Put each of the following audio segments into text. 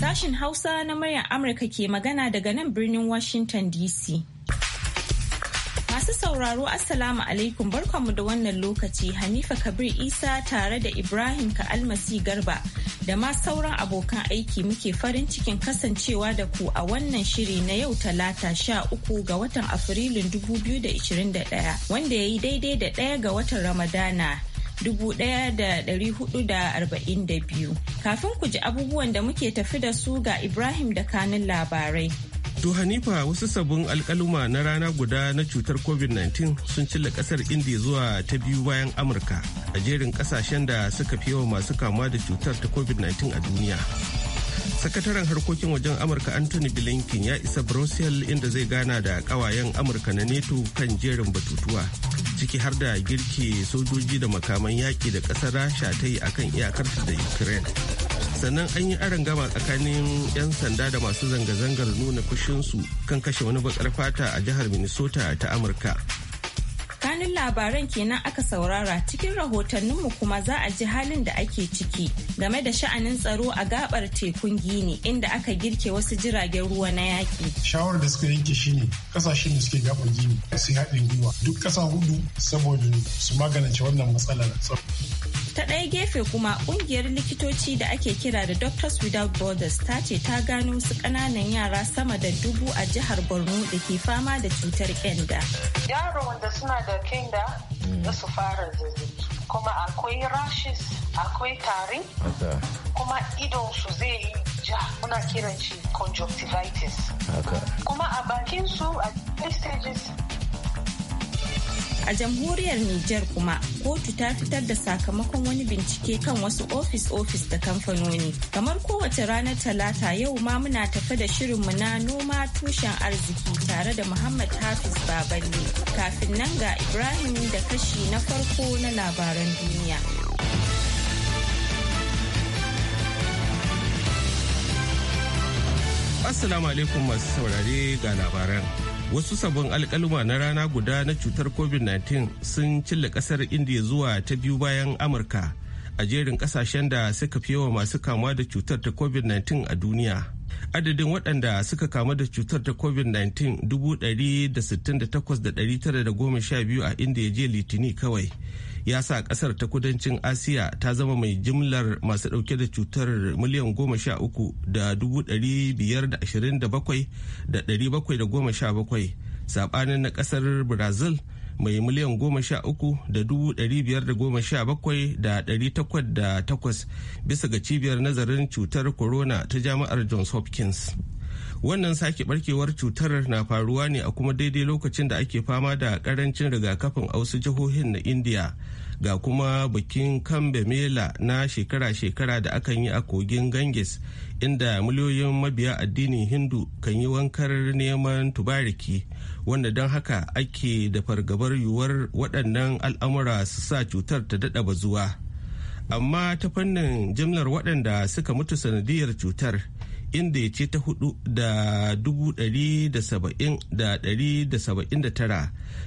Sashin Hausa na muryar Amurka ke magana daga nan birnin Washington DC. Masu sauraro Assalamu alaikum barkanmu da wannan lokaci Hanifa Kabir Isa tare da Ibrahim Ka'almasi Garba. da ma sauran abokan aiki muke farin cikin kasancewa da ku a wannan shiri na yau talata sha uku ga watan Afrilun 2021 wanda ya yi daidai da ɗaya ga watan Ramadana. 1442 kafin ku ji abubuwan da muke tafi da su ga Ibrahim da Kanun labarai. To Hanifa wasu sabbin alkaluma na rana guda na cutar COVID-19 sun cilla kasar India zuwa ta biyu bayan Amurka a jerin kasashen da suka fi yawa masu kamuwa da cutar ta COVID-19 a duniya. Sakataren harkokin wajen Amurka Anthony Blinken ya isa Brussels inda zai gana da kawayen Amurka na NATO kan jerin batutuwa. ciki har da girke sojoji da makaman yaƙi da ƙasar rasha ta yi akan iyakarta da ukraine sannan an yi aron gama tsakanin 'yan sanda da masu zanga-zangar nuna kushinsu kan kashe wani bakar fata a jihar minnesota ta amurka kanin labaran kenan aka saurara cikin rahotanninmu kuma za a ji halin da ake ciki game da sha'anin tsaro a gabar tekun gini inda aka girke wasu jiragen ruwa na yaƙi. shawarar da suka yanke shine kasashen da suke gabar gini su haɗin gwiwa duk ƙasa hudu saboda su magance wannan matsalar ta ɗaya gefe kuma ƙungiyar likitoci da ake kira da doctors without borders ta ce ta gano su ƙananan yara sama da dubu a jihar borno da ke fama da cutar kenda yaro wanda suna da kenda da su fara zazzabi kuma akwai rashes akwai tari kuma idon su zai yi ja muna kiran shi conjunctivitis kuma a bakin su a stages A jamhuriyar Nijar kuma kotu ta fitar da sakamakon wani bincike kan wasu ofis-ofis da kamfanoni. Kamar kowace ranar talata yau ma muna tafe da shirin mu na noma tushen arziki tare da Muhammad Hafiz Baballe. Kafin nan ga Ibrahim da kashi na farko na labaran duniya. Assalamu alaikum masu saurare ga labaran. wasu sabon alkaluma na rana guda na cutar covid-19 sun cilla kasar indiya zuwa ta biyu bayan amurka a jerin kasashen da suka fi yawa masu kamuwa da cutar ta covid-19 a duniya adadin waɗanda suka kamu da cutar ta covid-19 sha biyu a indiya jiya litini kawai ya sa kasar ta kudancin asiya ta zama mai jimlar masu dauke da cutar miliyan goma sha uku da dubu dari biyar da ashirin da bakwai da dari bakwai da goma sha bakwai sabanin na kasar brazil mai miliyan goma sha uku da dubu ɗari biyar da goma sha bakwai da ɗari takwas da takwas bisa ga cibiyar nazarin cutar corona ta jami'ar johns hopkins wannan sake barkewar cutar na faruwa ne a kuma daidai lokacin da ake fama da karancin rigakafin a wasu jihohin na india ga kuma bikin kambe mela na shekara-shekara da akan yi a kogin ganges inda miliyoyin mabiya addinin hindu kan yi wankar neman tubariki wanda don haka ake da fargabar yiwuwar waɗannan al'amura su sa cutar ta daɗa zuwa amma ta fannin jimlar waɗanda suka mutu sanadiyar cutar inda ya ce ta hudu da dubu da saba'in da tara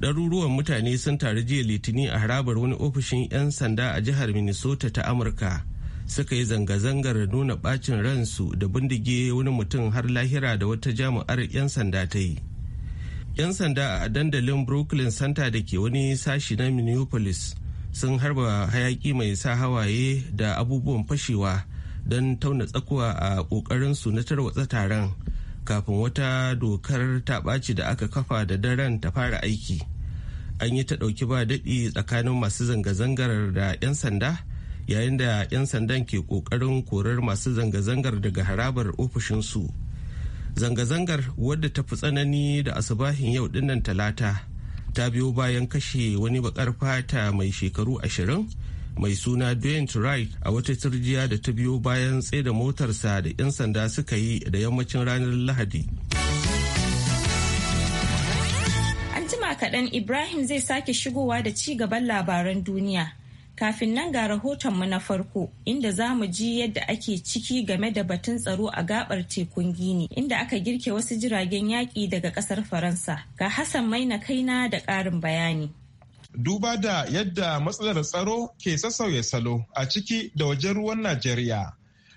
ɗaruruwan mutane sun taru jiya litinin a harabar wani ofishin 'yan sanda a jihar minnesota ta amurka suka yi zanga-zangar nuna bacin ransu da bindige wani mutum har lahira da wata jami'ar 'yan sanda ta yi 'yan sanda a dandalin brooklyn santa da ke wani sashi na minneapolis sun harba hayaki mai sa hawaye da abubuwan fashewa don tauna tsakuwa a ƙoƙarinsu na tarwatsa taron kafin wata dokar ta ɓaci da aka kafa da daren ta fara aiki an yi ta ɗauki ba daɗi tsakanin masu zanga-zangar da 'yan sanda yayin da 'yan sandan ke ƙoƙarin korar masu zanga-zangar daga harabar ofishinsu zanga-zangar wadda ta fi tsanani da asubahin yau dinnan talata ta biyo bayan kashe wani bakar fata mai shekaru ashirin mai suna Dwayne Wright a wata turjiya da ta biyo bayan tsaida motarsa da 'yan sanda suka yi da yammacin ranar Lahadi. An jima kaɗan Ibrahim zai sake shigowa da ci gaban labaran duniya. Kafin nan ga rahotonmu na farko inda za mu ji yadda ake ciki game da batun tsaro a gabar tekun Gini inda aka girke wasu jiragen yaƙi daga ƙasar Faransa. Ga Hassan Maina kaina da ƙarin bayani. duba da yadda matsalar tsaro ke sassauya salo a ciki da wajen ruwan Najeriya.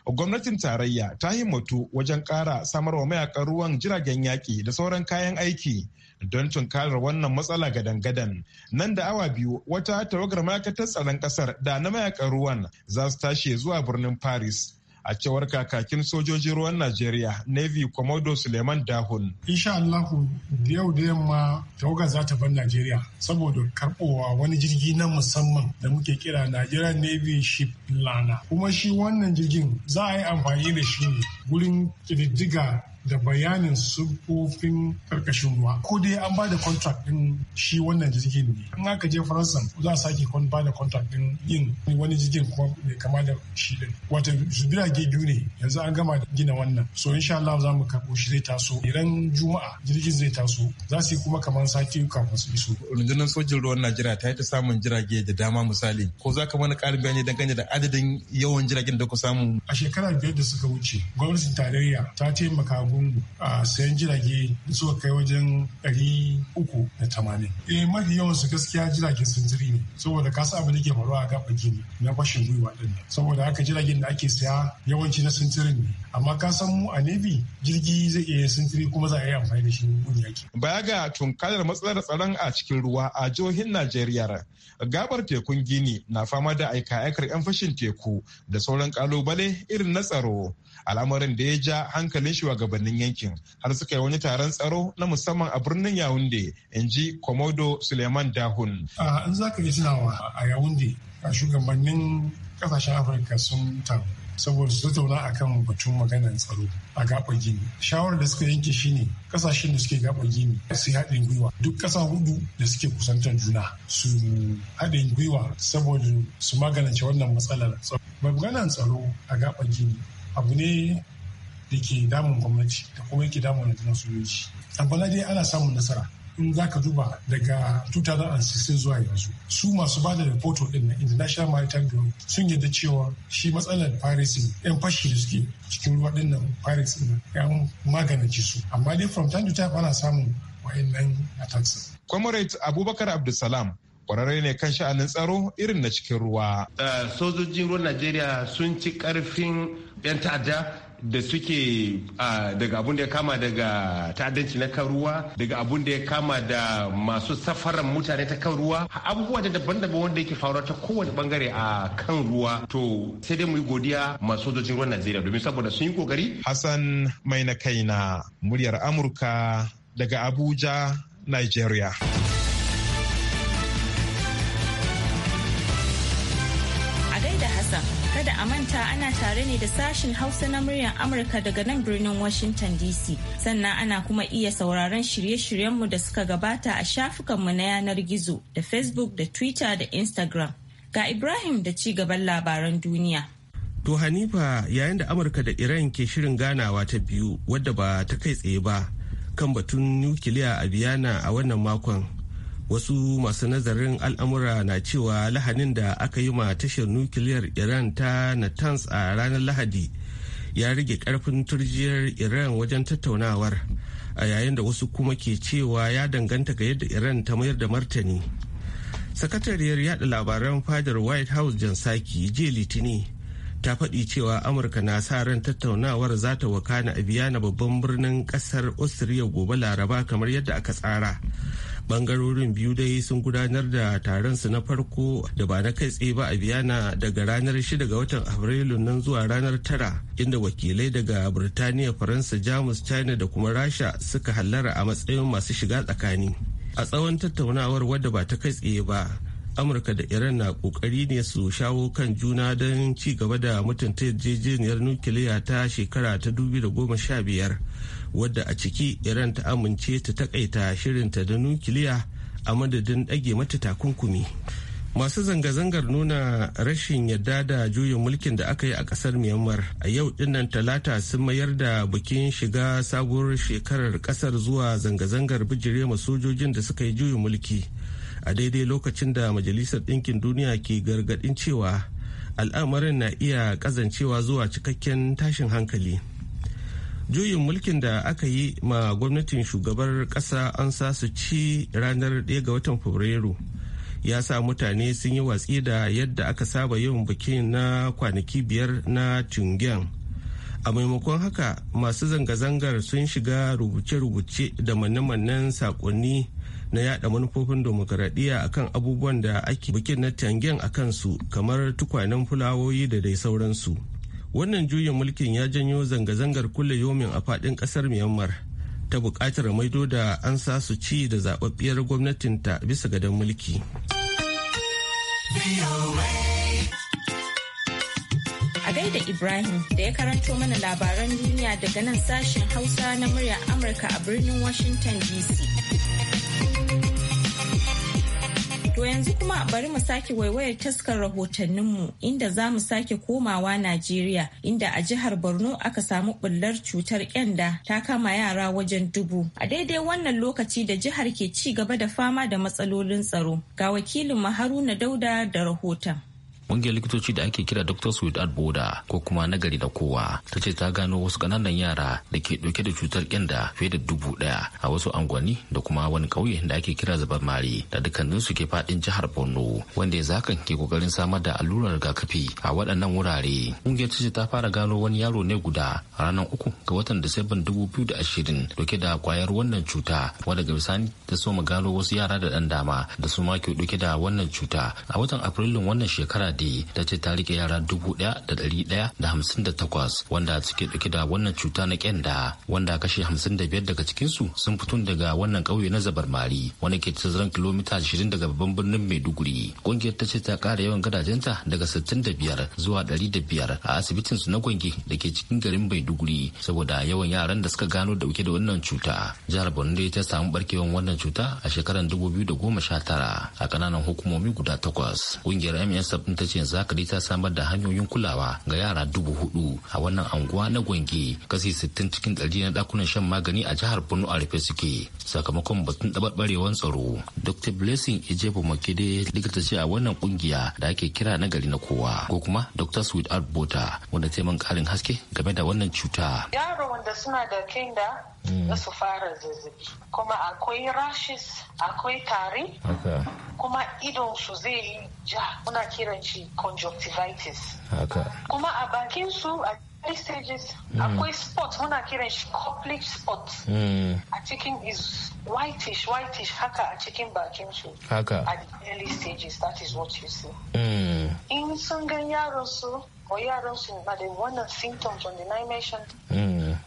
Gwamnatin tarayya ta himmatu wajen ƙara samarwa mayakan ruwan jiragen yaƙi da sauran kayan aiki don tunkarar wannan matsala gadan-gadan. Nan da awa biyu wata tawagar ma'aikatar tsaron ƙasar da na mayakan ruwan za su tashi zuwa birnin Paris a cewar kakakin sojojin ruwan Najeriya Navy Komodo Suleiman Dahun. Insha Allahu da yau da yamma tawagar za ta bar Najeriya saboda karbowa wani jirgi na musamman da muke kira Nigerian Navy Ship Lana. Kuma shi wannan jirgin za a yi amfani da shi ne gurin kididdiga da bayanin siffofin karkashin ruwa ko dai an ba da contract din shi wannan jirgin ne in aka je faransa za a sake ba da contract din yin wani jirgin kuma mai kama da shi din wata birage biyu ne yanzu an gama gina wannan so insha Allah za mu karɓo shi zai taso idan juma'a jirgin zai taso za su yi kuma kamar sati kafin su iso rundunar sojin ruwan Najeriya ta yi ta samun jirage da dama misali ko za ka mana ƙarin bayani dangane da adadin yawan jiragen da ku samu a shekara biyar da suka wuce gwamnatin tarayya ta taimaka abun a sayan jirage da suka kai wajen ɗari da tamanin. Eh mafi yawan su gaskiya jiragen sun jiri ne saboda ka sa abin da ke faruwa a gaba gini na fashin gwiwa ɗin saboda haka jiragen da ake saya yawanci na sintirin ne amma ka san mu a navy jirgi zai iya sintiri kuma za a yi amfani da shi gun yaki. Baya ga tunkarar matsalar tsaron a cikin ruwa a jihohin Najeriya gabar tekun Gini na fama da aika-aikar 'yan fashin teku da sauran kalubale irin na tsaro. al'amarin da ya ja hankalin shugabannin yankin har suka yi wani taron tsaro na musamman a birnin yawunde in ji komodo suleiman dahun in za ka yi tunawa a yawunde a shugabannin kasashen afirka sun taru saboda su tattauna kan batun maganar tsaro a gaɓar gini shawarar da suka yanke shi ne kasashen da suke gaɓar gini su yi haɗin gwiwa duk ƙasa hudu da suke kusantar juna su haɗin gwiwa saboda su magance wannan matsalar tsaro maganar tsaro a gaɓar gini abu ne da ke damun gwamnati da kuma yake damun rundunar sojoji a bala dai ana samun nasara in za ka duba daga 2016 zuwa yanzu su masu ba da rahoto din na international maritime bureau sun yadda cewa shi matsalar paris yan fashi da suke cikin ruwa din nan paris 'yan ya maganace su amma dai from time to time ana samun wayannan attacks comrade abubakar abdulsalam kwararre ne kan sha'anin tsaro irin na cikin ruwa. Eh, sojojin ruwan Najeriya sun ci karfin 'yan ta'adda da suke daga abun da ya kama daga ta'addanci na kan ruwa daga abun da ya kama da masu safarar mutane ta kan ruwa abubuwa da daban-daban wanda yake faruwa ta kowane bangare a kan ruwa to sai dai mu yi godiya masu sojojin ruwan Najeriya domin saboda sun yi kokari Hassan mai na kaina muryar Amurka daga Abuja Nigeria. Hausa. Kada a manta ana tare ne da sashin Hausa na muryar Amurka daga nan birnin Washington DC. Sannan ana kuma iya sauraron shirye-shiryenmu da suka gabata a shafukanmu na yanar gizo da Facebook da Twitter da Instagram. Ga Ibrahim da ci gaban labaran duniya. To Hanifa yayin da Amurka da Iran ke shirin ganawa ta biyu wadda ba ta kai tsaye ba kan batun nukiliya a Biyana a wannan makon wasu masu nazarin al'amura na cewa lahanin da aka yi ma tashar nukiliyar iran ta natanz a ranar lahadi ya rage karfin turjiyar iran wajen tattaunawar a yayin da wasu kuma ke cewa ya danganta ga yadda iran ta mayar da martani sakatariyar yada labaran fadar white house jan saki jiya litini ta faɗi cewa amurka na sa ran tattaunawar za ta wakana a biyana babban birnin ƙasar austria gobe laraba kamar yadda aka tsara bangarorin biyu dai sun gudanar da taron su na farko da ba na kai tsaye ba a biyana daga ranar 6 ga watan afrilu nan zuwa ranar 9 inda wakilai daga burtaniya faransa jamus china da kuma rasha suka hallara a matsayin masu shiga tsakani a tsawon tattaunawar wadda ba ta kai tsaye ba amurka da iran na kokari ne su shawo kan juna don ci gaba da mutunta yarjejeniyar nukiliya ta shekara ta 2015 wadda a ciki iran ta amince ta takaita shirinta da nukiliya a madadin ɗage mata takunkumi masu zanga-zangar nuna rashin yadda da juyin mulkin da aka yi a ƙasar myanmar a yau dinnan talata sun mayar da bikin shiga sabuwar shekarar ƙasar zuwa zanga-zangar bijire sojojin da suka yi juyin mulki a daidai lokacin da majalisar ɗinkin duniya ke gargaɗin cewa al'amarin na iya ƙazancewa zuwa cikakken tashin hankali juyin mulkin da aka yi ma gwamnatin shugabar kasa an sa su ci ranar 1 ga watan fabrairu ya sa mutane sun yi watsi da yadda aka saba yin bikin na kwanaki biyar na Chungyan. A maimakon haka masu zanga-zangar sun shiga rubuce-rubuce da manne-mannen saƙonni na yada manufofin demokaradiyya akan abubuwan da ake bikin na tangen a kansu kamar tukwanen fulawoyi da dai sauransu. wannan juyin mulkin ya janyo zanga-zangar kulle yomin a fadin kasar myanmar ta bukatar maido da an sa su ci da zababbiyar gwamnatinta bisa gadon mulki a gaida ibrahim da ya karanto mana labaran duniya daga nan sashen hausa na murya amurka a birnin washington dc To yanzu kuma bari mu sake waiwayar taskar rahotanninmu inda za mu sake komawa Najeriya inda a jihar Borno aka samu bullar cutar kyanda ta kama yara wajen dubu. A daidai wannan lokaci da jihar ke ci gaba da fama da matsalolin tsaro. Ga wakilin Haruna Dauda da rahoton. ƙungiyar likitoci da ake kira doctors without border ko kuma nagari da kowa ta ce ta gano wasu ƙananan yara da ke ɗauke da cutar kyanda fiye da dubu ɗaya a wasu angwani da kuma wani ƙauye da ake kira zabar mari da dukkaninsu ke faɗin jihar borno wanda ya zakan ke ƙoƙarin samar da allurar rigakafi a waɗannan wurare ƙungiyar ta ce ta fara gano wani yaro ne guda a ranar uku ga watan disamban dubu biyu da ashirin dauke da kwayar wannan cuta wadda ga bisani ta so mu gano wasu yara da ɗan dama da su ma ke dauke da wannan cuta a watan afrilun wannan shekara Chadi ta ce ta rike yara dubu ɗaya da ɗari ɗaya da hamsin da takwas wanda suke ɗauke da wannan cuta na kyanda wanda kashe hamsin da biyar daga cikinsu sun fito daga wannan ƙauye na Zabarmari wanda ke tazaran kilomita ashirin daga babban birnin Maiduguri. Ƙungiyar ta ce ta ƙara yawan gadajenta daga sittin da biyar zuwa ɗari da biyar a asibitin su na gwangi da ke cikin garin Maiduguri saboda yawan yaran da suka gano dauke da wannan cuta. Jihar Borno dai ta samu barkewan wannan cuta a shekarar dubu biyu da goma sha tara a ƙananan hukumomi guda takwas. Ƙungiyar MSF ta ce zakari ka ta samar da hanyoyin kulawa ga yara dubu hudu a wannan anguwa na gwangi kasi sittin cikin ɗari na dakunan shan magani a jihar borno a rufe suke sakamakon batun ɗabarɓarewan tsaro dr blessing ijebu makide likita ce a wannan kungiya da ake kira na gari na kowa ko kuma sweet art bota wanda taimakon karin haske game da wannan cuta yaro wanda suna da kinda da mm. su fara zazzabi kuma akwai rashes akwai tari kuma idon su zai yi ja muna kiran shi Conjunctivitis. conjunctivitis kuma a bakin su a three stages mm. akwai spot muna kiran shi complete spot mm. a cikin is whitish whitish haka a cikin bakin su haka at the early stages that is what you see mm. in sun gan yaron su ko yaron su na da wannan symptoms on the nine mentioned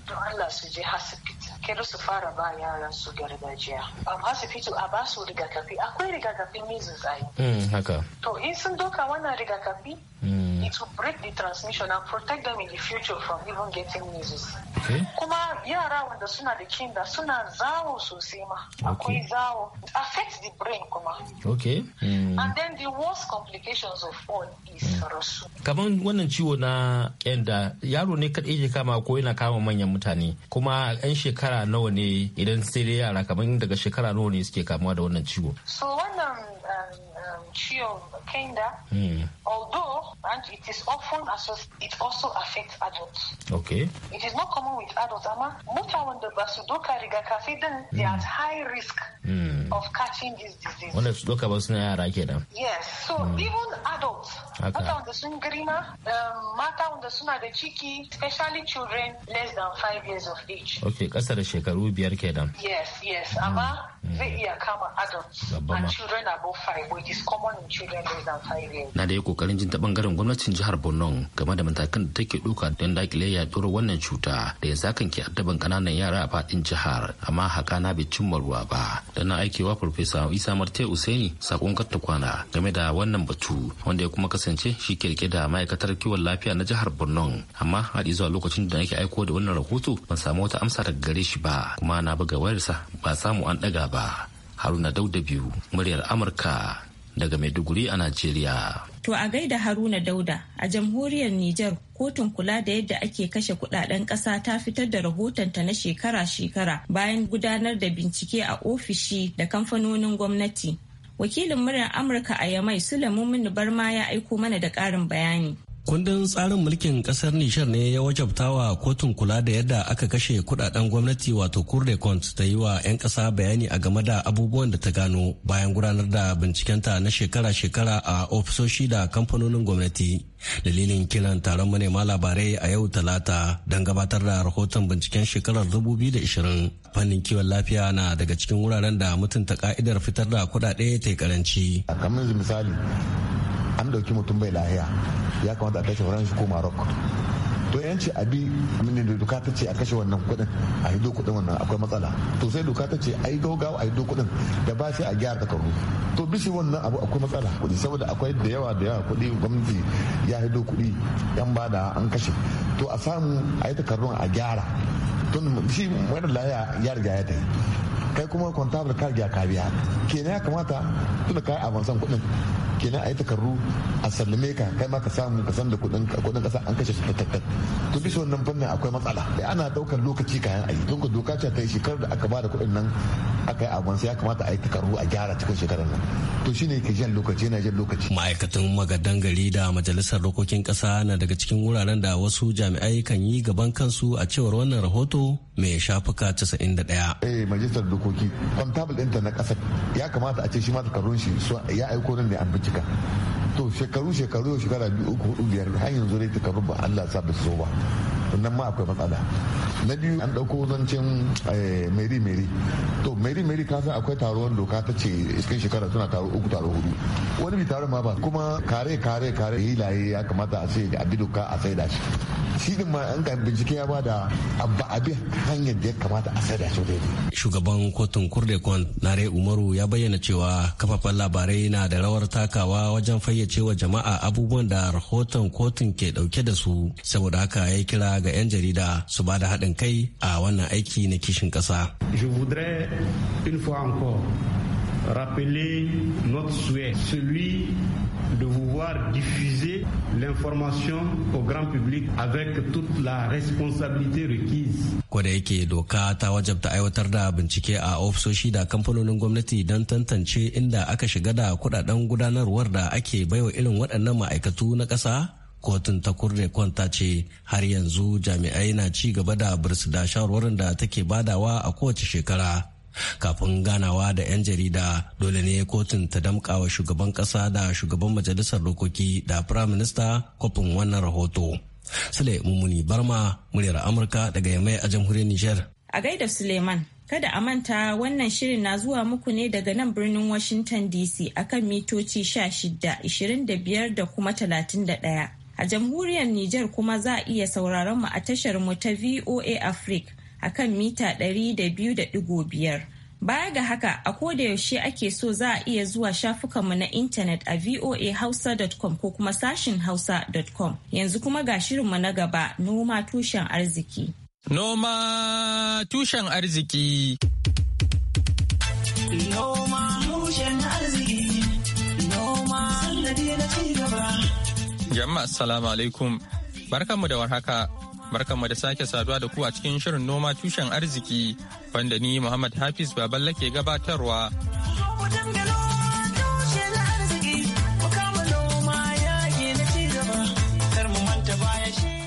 to Allah su je hasiki kira su fara ba yaran su gargajiya amma su fito a ba su rigakafi akwai rigakafin measles ai mm, haka to in sun doka wannan rigakafi mm. it will break the transmission and protect them in the future from even getting measles. Kuma yara wanda suna da kinda suna zawo sosai ma. Akwai zawo. It Affects the brain kuma. Okay. Mm. And then the worst complications of all is mm. rasu. Kaman wannan ciwo na Kenda yaro ne kaɗai ke kama ko yana kama manyan mutane kuma 'yan shekara nawa ne idan sai dai yara kaman daga shekara nawa ne suke kamuwa da wannan ciwo. So wannan um, um, mm. although and it is often it also affects adults. Okay. It is not common with adults, Ama, muta wanda ba su doka rigakafi din they are at hmm. high risk mm. of catching this disease. Wanda su doka ba na yara da? Yes, so mm. even adults, muta wanda sun girma, um, mata wanda suna da ciki, especially children less than five years of age. Okay, kasa da shekaru biyar ke da? Yes, yes, hmm. Ama, zai iya kama adults and children above five which is common in children less than five years. Na da yi kokarin jin ta bangaren gwamnatin jihar Borno game da matakan da take ɗauka don dakile yaduwar wannan cuta da yanzu zakan ke addaban kananan yara a faɗin jihar amma haka na bai cimma ruwa ba. Dana na aikewa Farfesa Isa Marte Usaini sakon karta kwana game da wannan batu wanda ya kuma kasance shi ke rike da ma'aikatar kiwon lafiya na jihar Borno amma har zuwa lokacin da nake aiko da wannan rahoto ban samu wata amsa daga gare shi ba kuma na buga wayarsa ba samu an ɗaga ba. haruna dauda biyu muryar amurka daga maiduguri a najeriya to a gaida haruna dauda a jamhuriyar nijar kotun kula da yadda ake kashe kudaden kasa ta fitar da rahotonta na shekara-shekara bayan gudanar da bincike a ofishi da kamfanonin gwamnati wakilin muryar amurka a yamai sulaimun barma ya aiko mana da ƙarin bayani Kundin tsarin mulkin kasar Nishar ne ya wajabta wa kotun kula da yadda aka kashe kudaden gwamnati wato Kurde Kont ta yi wa 'yan kasa bayani a game da abubuwan da ta gano bayan gudanar da bincikenta na shekara-shekara a ofisoshi da kamfanonin gwamnati. Dalilin kiran taron manema labarai a yau talata don gabatar da rahoton binciken shekarar 2020 fannin kiwon lafiya na daga cikin wuraren da mutunta ka'idar fitar da kudade ta karanci. misali an ɗauki mutum bai lahiya ya kamata a kashe shi faransa ko marok to yanci abi ne da doka ta ce a kashe wannan kuɗin a hido kuɗin wannan akwai matsala to sai doka ta ce a yi gaugawa a hido kuɗin da ba shi a gyara takaru to bishi wannan abu akwai matsala kuɗi saboda akwai da yawa da yawa kuɗi gwamnati ya hido kuɗi yan bada an kashe to a samu a yi takarun a gyara tun shi wani laya ya riga ya ta kai kuma kwantabar ka kariya kariya kenan ya kamata tun da kai yi kuɗin kenan a yi takarru a sallame ka kai ma ka samu ka san da kuɗin ƙasa an kashe su tattattat to bisa wannan fannin akwai matsala da ana daukar lokaci kayan ayi don ka doka ta yi shekarar da aka ba da kuɗin nan aka yi abin sai ya kamata a yi takarru a gyara cikin shekarar nan to shine ke jan lokaci yana jan lokaci ma'aikatan magadan gari da majalisar dokokin kasa na daga cikin wuraren da wasu jami'ai kan yi gaban kansu a cewar wannan rahoto mai shafuka 91 eh majalisar dokoki din ɗinta na kasar ya kamata a ce shi ma takarrun shi ya aiko nan ne an bincika haka to shekaru shekaru yau shekara biyu uku hudu biyar har yanzu dai takaru ba Allah sa su ba nan ma akwai matsala na biyu an ɗauko zancen meri eh, meri to meri meri ka san akwai taruwar doka ta ce iskin shekara suna taro uku taro hudu wani bi taro ma ba kuma kare kare kare hilaye ya kamata a sai a bi doka a sai da shi shine ma an ga bincike ya bada abba abi hanyar da ya kamata a sai da shi shugaban kotun kurdekon nare umaru ya bayyana cewa kafafen labarai na da rawar takawa wajen fayyace wa jama'a abubuwan da rahoton kotun ke dauke da su saboda haka ya kira ga 'yan jarida su ba da haɗin kai a wannan aiki na kishin ƙasa. Je voudrais une fois encore rappeler notre souhait, celui de voir diffuser l'information au grand public avec toute la responsabilité requise. Kwada yake doka ta wajabta aiwatar da bincike a ofisoshi da kamfanonin gwamnati don tantance inda aka shiga da kudaden gudanarwar da ake baiwa irin waɗannan ma'aikatu na ƙasa kotun ta kurne kwanta ce har yanzu jami'ai na ci gaba da birsu da shawarwarin da take badawa a kowace shekara. kafin ganawa da 'yan jarida dole ne kotun ta damka wa shugaban ƙasa da shugaban majalisar dokoki da prime minister kofin wannan rahoto sule mummuni barma muryar amurka daga yamai a jamhuriyar niger a gaida suleiman kada a manta wannan shirin na zuwa muku ne daga nan birnin washington dc akan mitoci 16 25 da kuma talatin da 31 a jamhuriyar niger kuma za a iya sauraron mu a tashar mu ta voa africa a kan mita 200.5. Baya ga haka a koda yaushe ake so za a iya zuwa shafukanmu na intanet a voahausa.com ko kuma sashin hausa.com. Yanzu kuma ga shirinmu na gaba noma tushen arziki. Noma tushen arziki. Noma tushen arziki. Noma na cigaba. Jama'a salamu alaikum. Barkanmu da warhaka. Barkanmu da sake saduwa da ku a cikin shirin noma tushen arziki wanda ni Muhammad Hafiz baballe ke gabatarwa.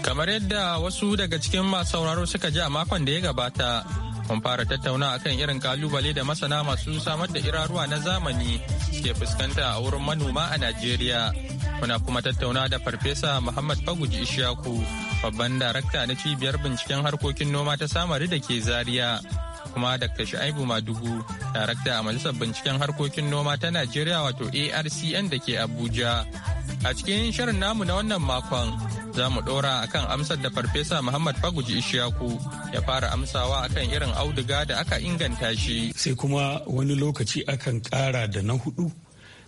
Kamar yadda wasu daga cikin masu sauraro suka ji a makon da ya gabata, mun fara tattauna akan irin kalubale da masana masu samar da iraruwa na zamani ke fuskanta a wurin manoma a Najeriya. Muna kuma tattauna da Farfesa Muhammad Faguji Ishaku. babban darakta na cibiyar binciken harkokin noma ta samari da ke Zariya kuma dr sha'ibu madugu darakta a majalisar binciken harkokin noma ta najeriya wato arcn da ke abuja a cikin shirin namu na wannan makon za mu ɗora akan amsar da farfesa muhammad faguji ishaku ya fara amsawa akan irin auduga da aka inganta shi sai kuma wani lokaci akan kara da na hudu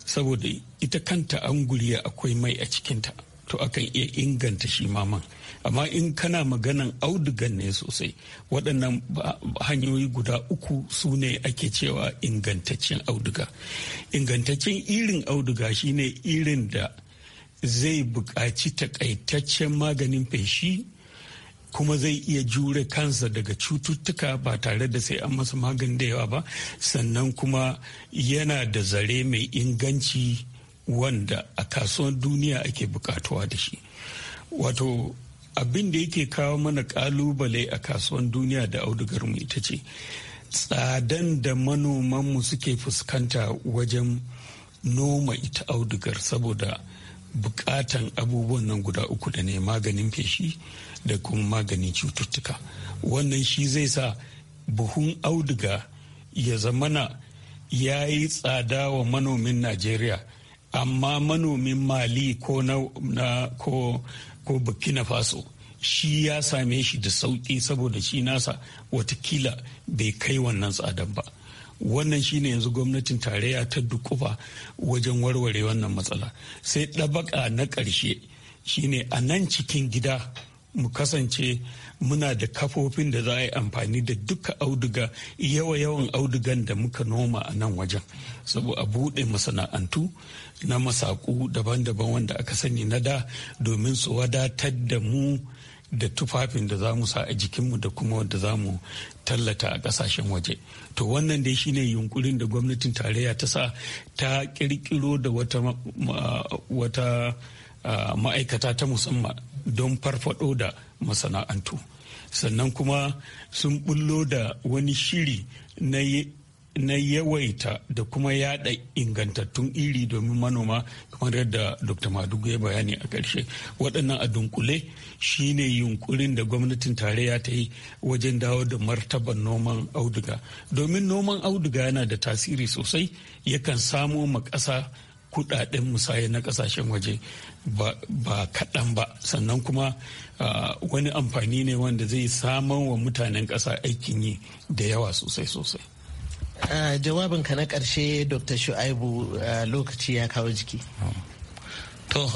saboda ita kanta anguriya akwai mai a cikinta to akan iya inganta shi maman amma in kana maganan audugan ne sosai waɗannan hanyoyi guda uku su ne ake cewa ingantaccen auduga ingantaccen irin auduga shine irin da zai buƙaci takaitaccen maganin feshi kuma zai iya jure kansa daga cututtuka ba tare da sai an masa magani da yawa ba sannan kuma yana da zare mai inganci wanda a kasuwan duniya ake bukatuwa da shi wato abin da yake kawo mana kalubale a kasuwan duniya da audugar mu ita ce tsadan da manomanmu suke fuskanta wajen noma ita audugar saboda bukatan abubuwan nan guda uku da ne maganin feshi da kuma maganin cututtuka wannan shi zai sa buhun auduga ya zamana ya yi tsada wa manomin najeriya amma manomin mali ko na ko burkina faso shi ya same shi da sauƙi saboda shi nasa watakila bai kai wannan tsadan ba wannan shine yanzu gwamnatin tarayya ta dukufa wajen warware wannan matsala sai ɗabaka na ƙarshe shine a nan cikin gida mu kasance muna da kafofin da za a yi amfani da duka auduga yawa yawan audugan da muka noma a nan wajen saboda a buɗe masana'antu na masaku daban-daban wanda aka sani na da domin su wadatar da mu da tufafin da za mu sa a jikinmu da kuma wanda za mu tallata a kasashen waje to wannan dai shine yunkurin da gwamnatin tarayya ta sa ta kirkiro da wata ma'aikata ta musamman don farfado da masana'antu sannan kuma sun bullo da wani shiri na yawaita da kuma yada ingantattun iri domin manoma kamar yadda dr madugu ya bayani a ƙarshe waɗannan a dunkule shine yunkurin da gwamnatin tarayya ta yi wajen dawo da martaban noman auduga domin noman auduga yana da tasiri sosai yakan samo ma ƙasa kudaden musaye na kasashen waje ba kaɗan ba sannan kuma wani amfani ne wanda zai saman wa mutanen ƙasa aikin yi da yawa sosai sosai jawabin ka na ƙarshe dr shu'aibu lokaci ya kawo jiki to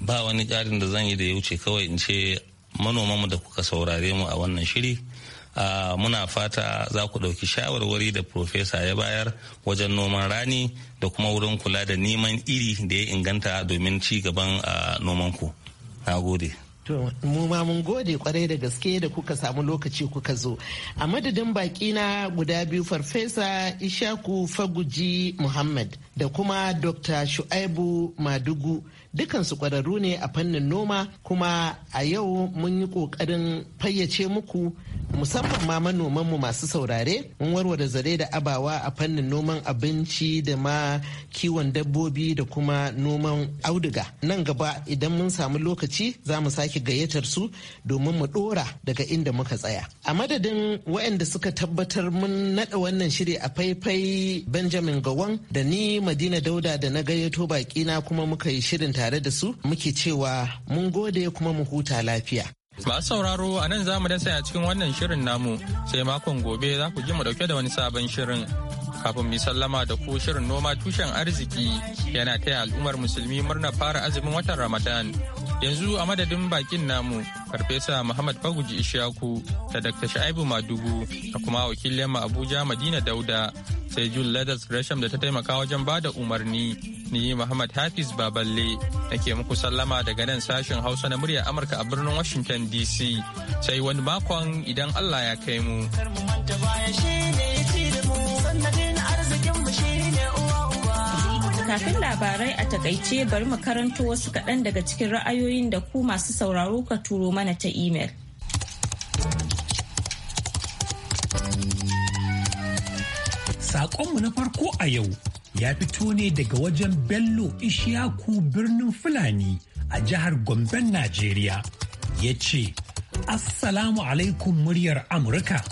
ba wani ƙarin da zan yi da ya wuce kawai in ce manomanmu da kuka saurare mu a wannan shiri Ah, muna fata za ku ɗauki shawarwari da profesa ya bayar wajen noman rani da kuma wurin kula da neman iri da ya inganta domin ci gaban ah, nomanku na gode To, mu ma mun gode kwarai da gaske da kuka samu lokaci kuka zo. A madadin baki na guda biyu farfesa Ishaku Faguji Muhammad da kuma Dr. Shu'aibu Madugu dukansu kwararru ne a fannin noma kuma a yau mun yi kokarin fayyace muku musamman ma manomanmu masu saurare mun warware zare da abawa a fannin noman abinci da ma kiwon dabbobi da kuma noman auduga nan gaba idan mun samu lokaci za mu sake gayyatar su domin mu dora daga inda muka tsaya a madadin wayanda suka tabbatar mun naɗa wannan shiri a faifai benjamin gawon da ni madina dauda da na gayyato baƙina kuma muka yi shirin tare da su muke cewa mun gode kuma mu huta lafiya. Ba sauraro a nan za mu dasa a cikin wannan shirin namu sai makon gobe za ku ji mu dauke da wani sabon shirin. Kafin mu sallama da ku shirin noma tushen arziki yana taya al'ummar musulmi murna fara azumin watan Ramadan Yanzu a madadin bakin namu, Farfesa Muhammad Faguji Ishaku da Dr. Sha'ibu Madugu da kuma wakilin mu Abuja Madina Dauda sai Jul Leathers Gresham da ta taimaka wajen bada umarni ni Muhammad Hafiz Baballe nake muku sallama daga nan sashen Hausa na muryar Amurka a birnin Washington DC sai wani makon idan Allah ya kai mu. Kafin labarai a takaice bari mu karanto wasu kaɗan daga cikin ra'ayoyin da ku masu sauraro ka turo mana ta imel. Saƙonmu na farko a yau ya fito ne daga wajen Bello Ishaku birnin Fulani a jihar Gomben, Najeriya. Ya ce, Assalamu alaikum muryar Amurka.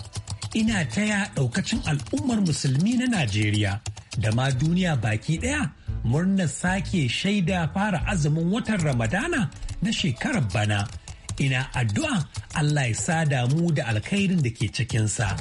ina taya ɗaukacin al'ummar musulmi na Najeriya da ma duniya baki ɗaya murnar sake shaida fara azumin watan Ramadana na shekarar bana. Ina addu'a Allah ya sa damu da alkhairin da ke cikinsa.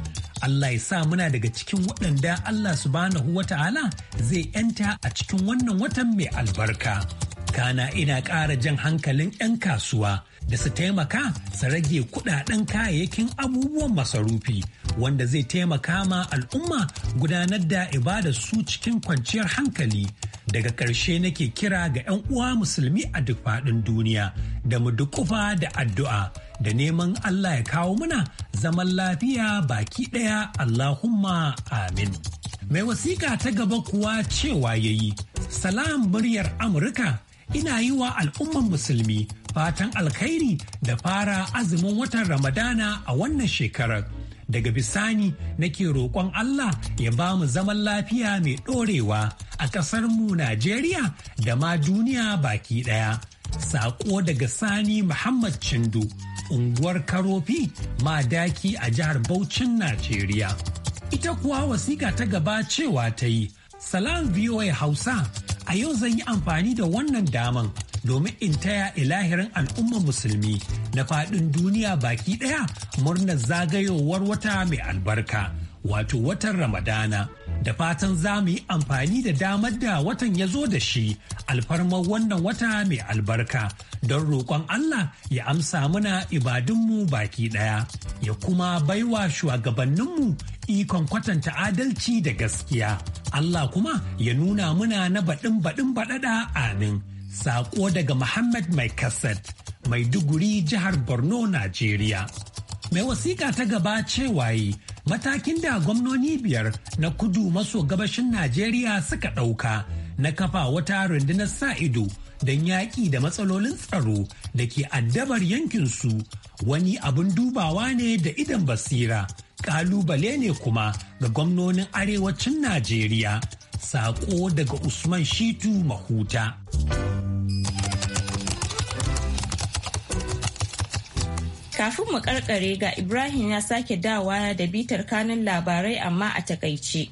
Allah ya sa muna daga cikin waɗanda Allah subhanahu wa ta'ala zai ‘yanta a cikin wannan watan mai albarka. Kana ina ƙara jan hankalin 'yan kasuwa da su taimaka su rage kudaden kayayyakin abubuwan masarufi wanda zai taimaka ma al'umma gudanar da ibada su cikin kwanciyar hankali. daga ƙarshe nake kira ga 'yan uwa musulmi a duk faɗin duniya da mu dukufa da addu'a da neman Allah ya kawo muna zaman lafiya baki ɗaya Allahumma amin. Mai wasiƙa ta gaba kuwa cewa ya yi, salam muryar Amurka ina yi wa al'umman musulmi fatan alkhairi da fara azumin watan Ramadana a wannan shekarar. daga bisani nake roƙon Allah ya ba mu zaman lafiya mai ɗorewa a ƙasar mu Najeriya da ma duniya baki ɗaya. Saƙo daga Sani Muhammad Chindu, unguwar Karofi, ma Madaki a jihar Bauchin Najeriya. Ita kuwa wasiƙa ta gaba cewa ta yi, Salam VOA Hausa, a yau zan yi amfani da wannan daman domin in taya ilahirin al'ummar musulmi na faɗin duniya baki ɗaya murnar zagayowar wata mai albarka wato watan ramadana da fatan za mu yi amfani da damar da watan ya zo da shi alfarmar wannan wata mai albarka don roƙon Allah ya amsa muna ibadunmu baki ɗaya ya kuma baiwa shugabanninmu ikon kwatanta adalci da gaskiya Allah kuma ya nuna muna na baɗin baɗin baɗaɗa amin. Saƙo daga Muhammad Mai Kassat, Maiduguri, Jihar Borno, Najeriya. Mai wasiƙa ta gaba cewa yi matakin da gwamnoni biyar na kudu maso gabashin Najeriya suka ɗauka na kafa wata rundunar sa-ido don yaƙi da matsalolin tsaro da ke addabar yankinsu wani abin dubawa ne da idan basira ƙalubale ne kuma ga gwamnonin arewacin Najeriya. Saƙo daga Usman Shitu Mahuta. Kafin mu karkare ga Ibrahim ya sake dawa da bitar kanun labarai amma a takaice.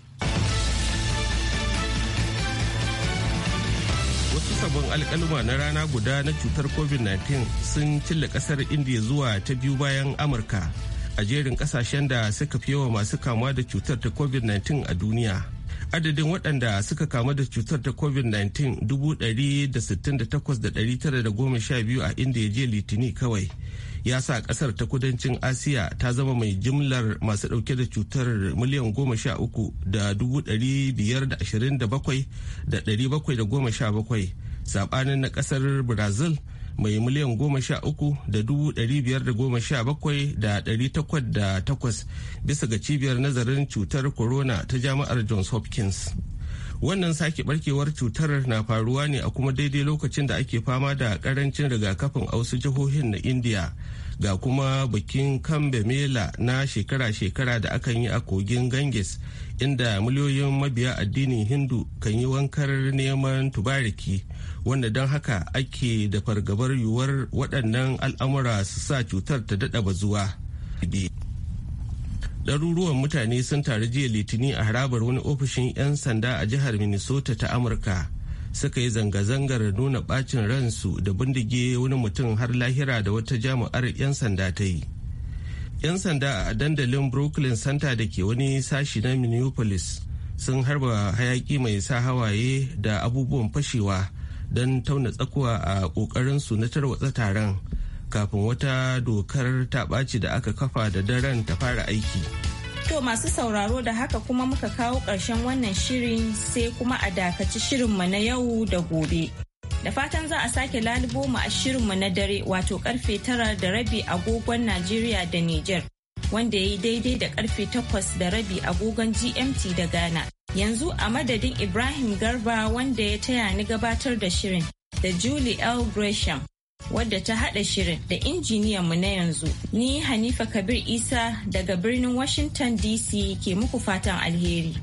Wasu sabon alkaluma na rana guda na cutar COVID-19 sun cilla kasar India zuwa ta biyu bayan Amurka a jerin kasashen da suka fi yawa masu kamuwa da cutar ta COVID-19 a duniya. adadin waɗanda suka kamu da cutar ta covid-19 biyu a inda ya je litini kawai ya sa kasar ta kudancin asiya ta zama mai jimlar masu dauke da cutar miliyan goma sha uku da dubu dari biyar da ashirin da bakwai da dari bakwai da goma sha bakwai sabanin na kasar brazil mai miliyan goma sha uku da dubu dari biyar da goma sha bakwai da dari takwas da takwas bisa ga cibiyar nazarin cutar corona ta jami'ar johns hopkins wannan sake barkewar cutar na faruwa ne a kuma daidai lokacin da ake fama da karancin rigakafin a wasu jihohin na india ga kuma bikin kambe mela na shekara-shekara da akan yi a kogin ganges inda miliyoyin mabiya addinin hindu kan yi wankar neman tubariki wanda don haka ake da fargabar yiwuwar waɗannan al'amura su sa cutar ta daɗa bazuwa ɗaruruwan mutane sun taru jiya litini a harabar wani ofishin 'yan sanda a jihar minnesota ta amurka suka yi zanga-zangar nuna bacin ransu da bindige wani mutum har lahira da wata jami'ar 'yan sanda ta yi 'yan sanda a dandalin brooklyn center da ke wani sashi na minneapolis sun harba hayaki mai sa hawaye da abubuwan fashewa don tauna tsakuwa a ƙoƙarinsu na tarwatsa taron kafin wata dokar ta ɓaci da aka kafa da daren ta fara aiki. To masu sauraro da haka kuma muka kawo ƙarshen wannan shirin sai kuma a dakaci shirinmu na yau da gobe. Da fatan za a sake lalubo mu a shirinmu na dare wato karfe tara da rabi agogon Najeriya da Nijar wanda ya yi daidai da karfe takwas da rabi agogon GMT da Ghana. Yanzu a madadin Ibrahim Garba wanda ya taya ni gabatar da shirin da Julie L. Gresham wadda ta haɗa shirin da injiniyan mu na yanzu. Ni Hanifa Kabir Isa daga birnin Washington DC ke muku fatan alheri.